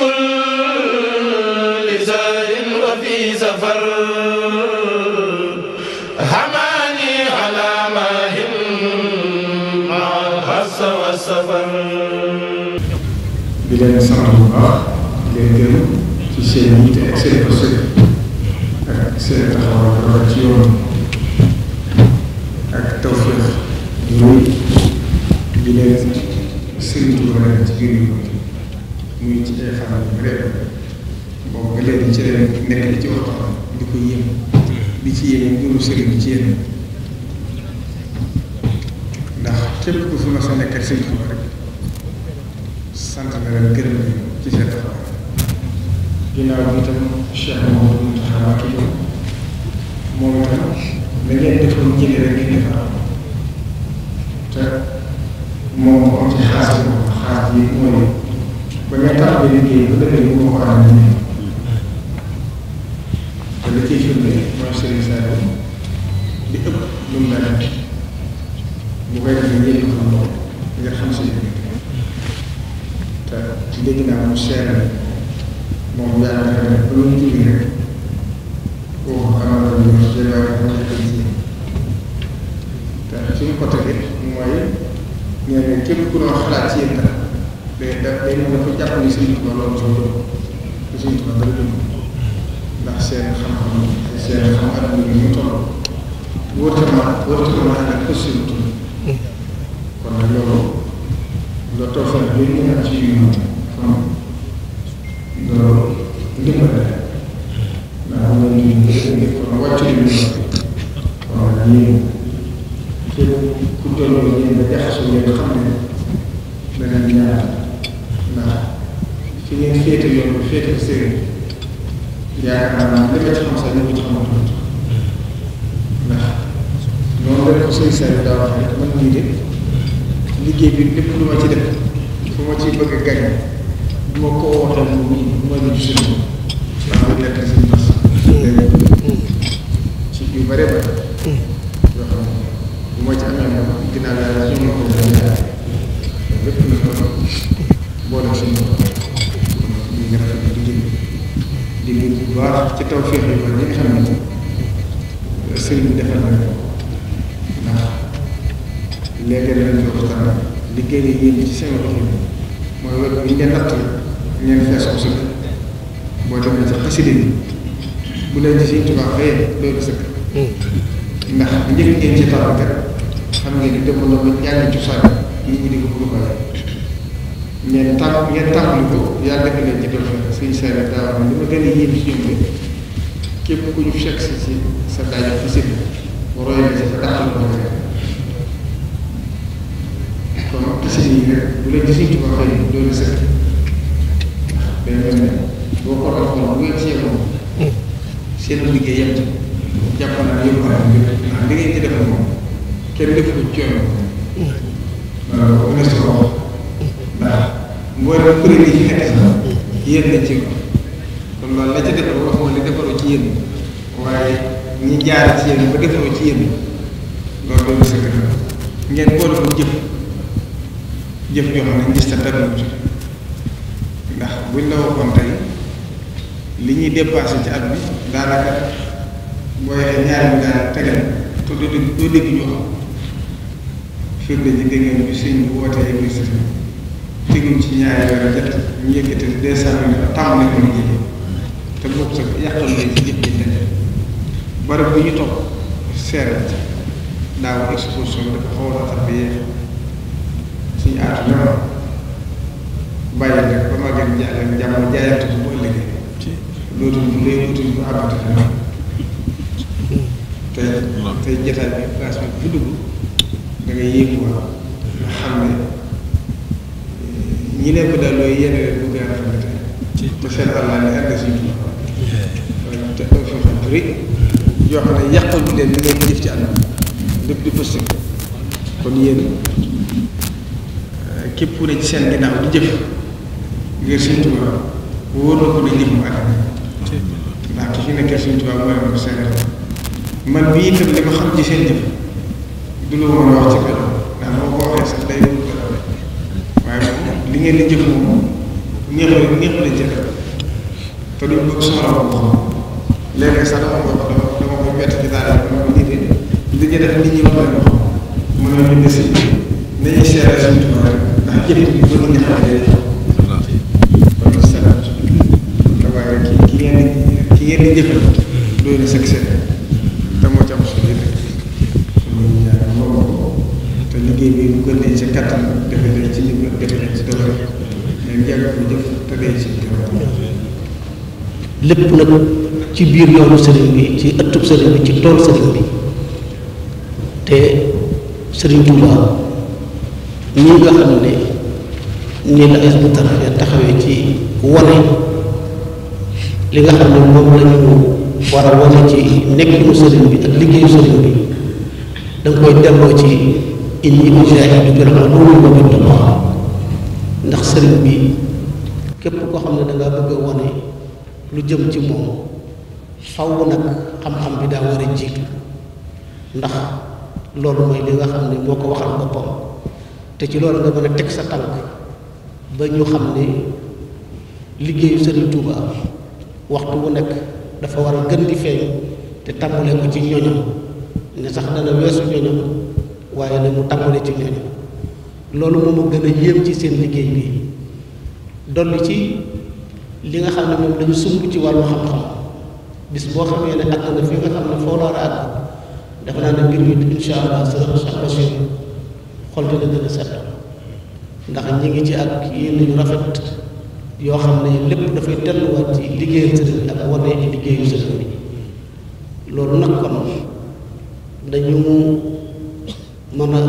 كل زار وفي زفر حماني على ما هم مع الحس والسفر بلا سمع الله بلا نسمع في سيدي تأكسر بسر أكسر تخبر راتيون سيدي تخبر راتيون ñu ci ay xamal bu réer boobu ba léegi nekk ci waxtu di ko yéem di ci yéem gënu sëriñ bi ci yéen ndax képp ku fi ma sa nekkal sëriñ bi rek sant na leen gërëm ci seen taxaw ginnaaw bi tam Cheikh Mamadou Moustapha Kébé moom itam da ngeen defoon jëli rek ngeen defaraat te moom moo ci xaas boobu xaas bi mooy ba nga tàmbali liggéey ba dëgg yi mu ko war a demee te la ciy firnde mooy Serigne Saliou di ëpp lu mu daan bu koy defee ñëpp xam lool nga xam si te dégg naa mu seere moom yàlla dafa def lu mu julli rek kooku xamal la ñu jëlee waaye te suñu côté bi mooy ñeneen képp ku doon xalaat ci yéen day day mën a ko jàpp ne Sëriñ Tuubaa loolu soo ko def Sëriñ Tuubaa dara dund ndax seen xam-xam seen xam adduna bi ñu toll wóortama wóortama ak possible kon nag loolu la toofal bi ñu am ci xam loolu ndimbal la ndax am na ñu ñu kon wàccu ñu kon nag ñu fépp ku toll ñu nga jaxasoo ngeen xam ne danañ ñaar ndax fi ngeen féete yoon féete sëriñ yaakaar naa li nga ci xam sax ñu ci xamul ndax noonu la ko suy seetlu daa wax rek bi lépp lu ma ci bëgg a gañ bu ma ko wootal mu nii bu ma ñu gisul moom maa ngi lekk si mbas ci yu bare moom ginnaaw yàlla ñu ma ko na ko boole suñu ñu ngi rafetlu liggéey bi di nuyu bu baax ci taw féex yi ba ñi nga xam ne sëriñ bi defal na ko ndax léeg-léeg lañ la yéen ci seen loxo mooy wér bi ngeen natt ngeen boo demee ci xasida bu leen ci Sëriñ Tuubaa fayee loolu sëkk ndax njëkk ngeen ci taw kat xam ngeen ni dem na ba ñaari cosaan nit ñi di ko bëgg a ngeen tax ngeen taxawu ko yàlla defal leen ci doxalin suñu saa yi daa wax li ma gën a yéem si ñoom rek képp ku ñu fekk si si sa daañu fi si roy na si sa daaxal ko rek kon gis nañu rek bu leen gis ñu ci waxee doon sëkk day mel ne boo ko rafetlu bu ngeen seetloo seen liggéey yem jàpp naa yëpp naa li ngeen ci defal moom kenn defu ko coono waaw ministre mooy doon kuréel yi ci fekkee yéen lañ ci ko kon loolu la ca defaru waxuma li defaru ci yéen waaye ñi jaar ci yéen ba defaru ci yéen loolu ngeen boole ko jëf jëf yoo xam ne gis ta dara buñ la ñuy dépassé ci at bi daanaka boo yore ñaari bi daan tegal te doo dégg doo ñu xam firnde ji dégg ngeen bi sëñ bi wootee ministre teguñ ci ñaari weer a ñu yëkkati deux cent mille tàmbali ko liggéey te bokk sa yàqal lay ci jëf ji nekk barab bu ñu topp bi dafa xaw a tax bi yéex suñu aatu xam ne ñi nekk daal looy yéene leen bu gën a rafetee te seen àll si te kon yéen eh, képp ku ci seen ginnaaw di jëf ngir Sëñ na ko ne lii mu man bii itam li ma xam ci seen jëf du la woon wax ci kanam. yenn jëf moom ñeex la ñeex la jëf te duñ bëgg su ma la ko xam léeg-léeg sax dama ko dama dama ko bett ci daara dama ko nit li ñu def nit ñi wax lañ ko mën na ñu desi nañuy seere suñu tubaab rek ndax jëf bi bëgg ñu xam ne kon salaam ki ngeen di ki ngeen di jëfal doy na sëg seen lépp nag ci biir yoonu sëriñ bi ci ëttub sëriñ bi ci tool sëriñ bi te sëriñ Tuubaa ñi nga xam ne nii la Hizbut Tarqiyyah taxawee ci wane li nga xam ne moom la ñu war a wane ci nekkinu sëriñ bi ak liggéeyu sëriñ bi da koy delloo ci inni ujaahidu bil ulumi wa bit taqwa ndax sëriñ bi. lu jëm ci moom faw nag xam-xam bi daa war a jiitu ndax loolu mooy li nga xam ne moo ko waxal boppam te ci loolu nga mën a teg sa tànk ba ñu xam ne liggéeyu Sëriñ Tuuba waxtu wu nekk dafa war a gën di feeñ te tàmbalee ko ci ñoñom ne sax dana weesu ñoñom waaye ne mu tàmbale ci ñoñom loolu moom gën a yéem ci seen liggéey bi dolli ci li nga xam ne moom dañu sumb ci wàllu xam-xam bis boo xamee ne àgg nga fi nga xam ne foo la war a àgg dafa naa ne mbir mi incha allah sa Cheikh Bachir xol dina ndax ñi ngi ci ak yéen ñu rafet yoo xam ne lépp dafay delluwaat ci liggéeyu sëriñ bi ak wane liggéeyu sëriñ bi loolu nag kon dañu mën a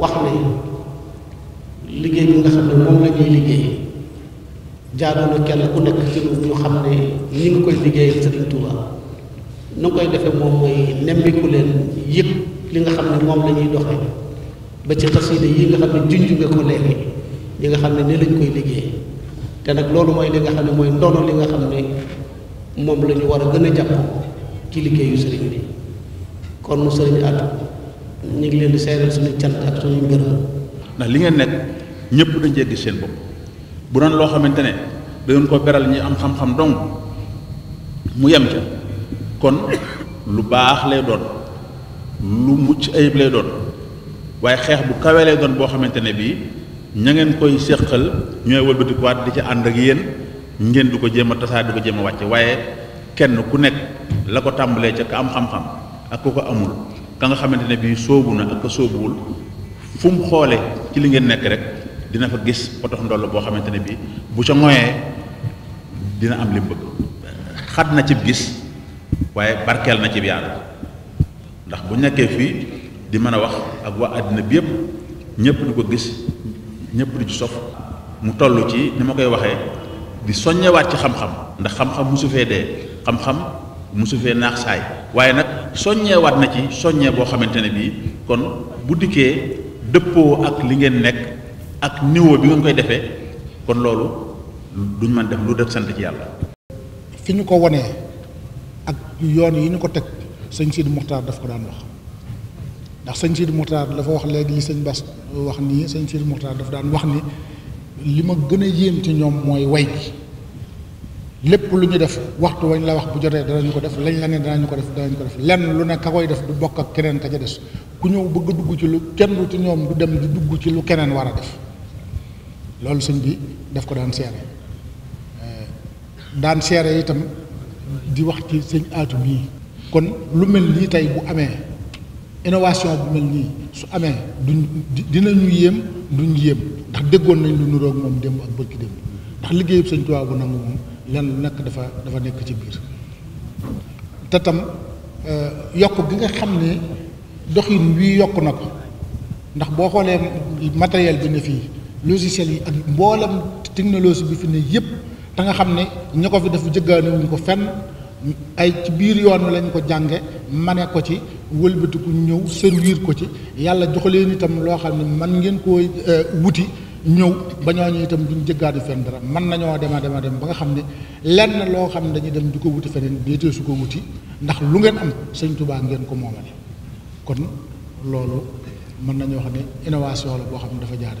wax ne liggéey bi nga xam ne moom la ñuy liggéey jaadu na kenn ku nekk ki ñun ñu xam ne ñi ngi koy liggéeyal Serigne Touba nu koy defee moom mooy nemmiku leen yëg li nga xam ne moom la ñuy doxee ba ci xasida yi nga xam ne junj nga ko léegi nga xam ne ni lañ koy liggéey te nag loolu mooy li nga mooy ndono li nga xam ne moom la ñu war a gën a jàpp ci liggéeyu Serigne bi kon Serigne Atou ñu ngi leen di seeral suñu cant ak suñu ngërëm. ndax li ngeen nekk ñëpp dañ cee seen bopp. bu doon loo xamante ne dañu ko beral ñi am xam-xam dong mu yem ca kon lu baax lay doon lu mucc ayib lay doon waaye xeex bu kawe lay doon boo xamante ne bii ña ngeen koy séqal ñooy wëlbatikuwaat di ci ànd ak yéen ngeen du ko jéem a tasaar du ko jéem a wàcce waaye kenn ku nekk la ko tàmbalee ca ka am xam-xam ak ku ko amul ka nga xamante ne bii soobu na ak ka sóobuwul fu xoolee ci li ngeen nekk rek dina fa gis potox ndol bo xamanteni bi bu ca ngoyé dina am lim bëgg xat na ci gis waaye barkel na ci yaanu ndax bu ñaké fi di mëna wax ak wa àddina bi yépp ñëpp du ko gis ñëpp du ci sof mu tollu ci ni ma koy waxé di soññewaat ci xam-xam ndax xam-xam musu fé dé xam-xam musu nax say waye waaye soñé soññewaat na ci soñé bo xamanteni bi kon bu dikkee dëppoo ak li ngeen nekk ak niveau bi nga koy defee kon loolu duñ mën def lu def sant ci yàlla. fi ñu ko wanee ak yoon yi ñu ko teg sëñ Sidi Muxtaar daf ko daan wax ndax sëñ Sidi Muxtaar dafa wax léegi li sëñ Bass wax nii sëñ Sidi Muxtaar dafa daan wax ni li ma gën a yéem ci ñoom mooy way gi lépp lu ñu def waxtu wañ la wax bu jotee danañu ko def lañ la ne danañu ko def danañu ko def lenn lu ne ka koy def du bokk ak keneen ka ca des ku ñëw bëgg a dugg ci lu kenn du ci ñoom du dem di dugg ci lu keneen war a def loolu sëñ bi daf ko daan seere daan seere itam di wax ci sëñ aatu bii kon lu mel nii tey bu amee innovation bu mel nii su amee duñ dinañu yéem duñ yéem ndax déggoon nañ lu nuroog moom démb ak bërki démb ndax liggéeyub sëñ Tuubaa bu nangu moom lenn nekk dafa dafa nekk ci biir te tam euh, yokk gi nga xam ne doxin wii yokk na ko ndax boo xoolee matériel bi ne fii logiciel yi ak mboolem technologie bi fi ne yëpp te nga xam ne ña ko fi def jëggaane wuñ ko fenn ay ci biir yoon lañ ko jànge mane ko ci wëlbati wëlbatiku ñëw servir ko ci yàlla jox leen itam loo xam ne man ngeen koo euh, wuti ñëw ba ñooñu itam duñ jëggaani fenn dara mën nañoo dema dema ba nga xam ne lenn loo xam ne dañuy dem di ko wuti feneen déetee su ko wuti ndax lu ngeen am sëñ Tuubaa ngeen ko moomale kon loolu mën nañoo wax ne innovation la boo xam ne dafa jaare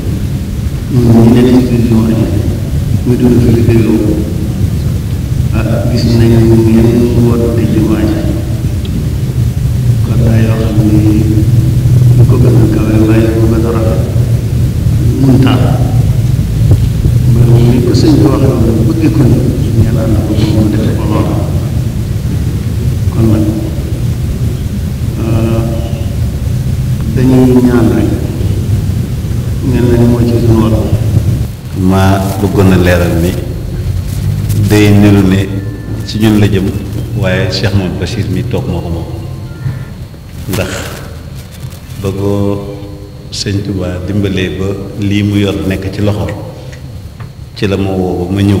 ñun ñu nekk ci biir yoo xam ne ñu dund kilifa yooyu ah gis nañu yenn woote jumaa ji kon daa yoo xam ne ñu ko gën a kawe waaye ko gën a rafet mun taal mooy ni ko sëñ bi waxee woon bëgg ko ni ñaan ànd ko moom defe ko loolu bëggoon a leeral mi day niru ne ci ñun la jëm waaye Cheikh Mouhamed mi toog moo ko moom ndax ba ko sëñ Touba dimbalee ba lii mu yor nekk ci loxo ci la ma woo ba ma ñëw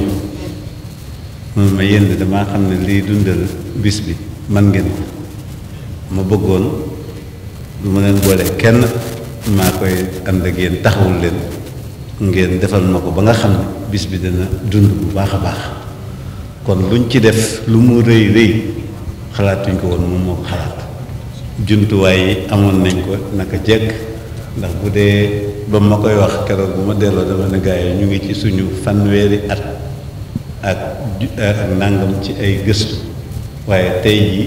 mun ma yéen damaa xam ne liy dundal bis bi man ngeen ko ma bëggoon du ma leen boole kenn maa koy ànd ak yéen taxawul leen ngeen defal ma ko ba nga xam ne bis bi dana dund bu baax a baax kon luñ ci def lu mu rëy rëy xalaatuñ ko woon moom moo xalaat jumtuwaay yi amoon nañ ko naka jekk ndax bu dee ba ma koy wax keroog bu ma delloo dama ne gars ñu ngi ci suñu fanweeri at ak ak nangam ci ay gëstu waaye tey ji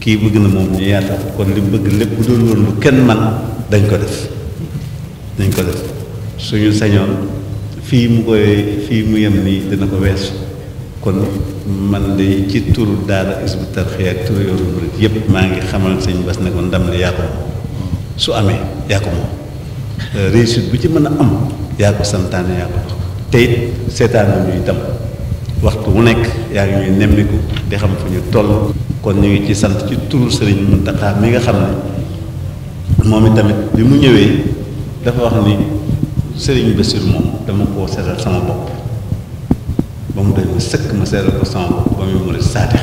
kii bëgg na moom ñu yaatal kon li bëgg lépp bu woon lu kenn man dañ ko def dañ ko def suñu sañoon fii mu koy fii mu yem nii dina ko wees kon man de ci turu daara isbu tarxiya ak turu yoonu murit yëpp maa ngi xamal sëñ Bass ne ko ndam li yaa ko moom su amee yaa ko moom euh, réussite bu ci mën a am yaa ko santaane yaa ko te it seetaanu ñuy tam waxtu wu nekk yaa ngi ñuy nemmiku di xam fu ñu toll kon ñu ngi ci sant ci turu sëriñ Muntaxa mi nga xam ne moom itamit bi mu ñëwee dafa wax ni sëriñ Bassirou moom dama koo seetal sama bopp ba mu doy ma sëkk ma seetal ko sama bopp ba muy murid saadix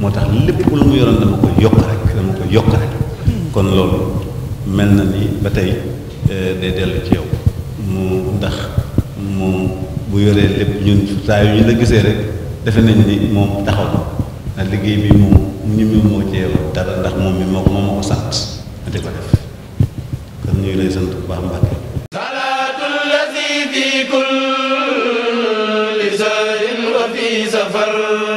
moo tax lépp lu mu yoroon dama ko yokk rek na ni ba tey eh, day yow ndax mu yoree lépp ñu saa yu ñu la gisee rek defe nañ ni moom taxaw na liggéey bi moom ñu mu moo ceew dara ndax moom mi moo ko moo ma ko sant ma di ko def kon ñu ngi lay sant bu baax Mbàkke في كل زار وفي سفر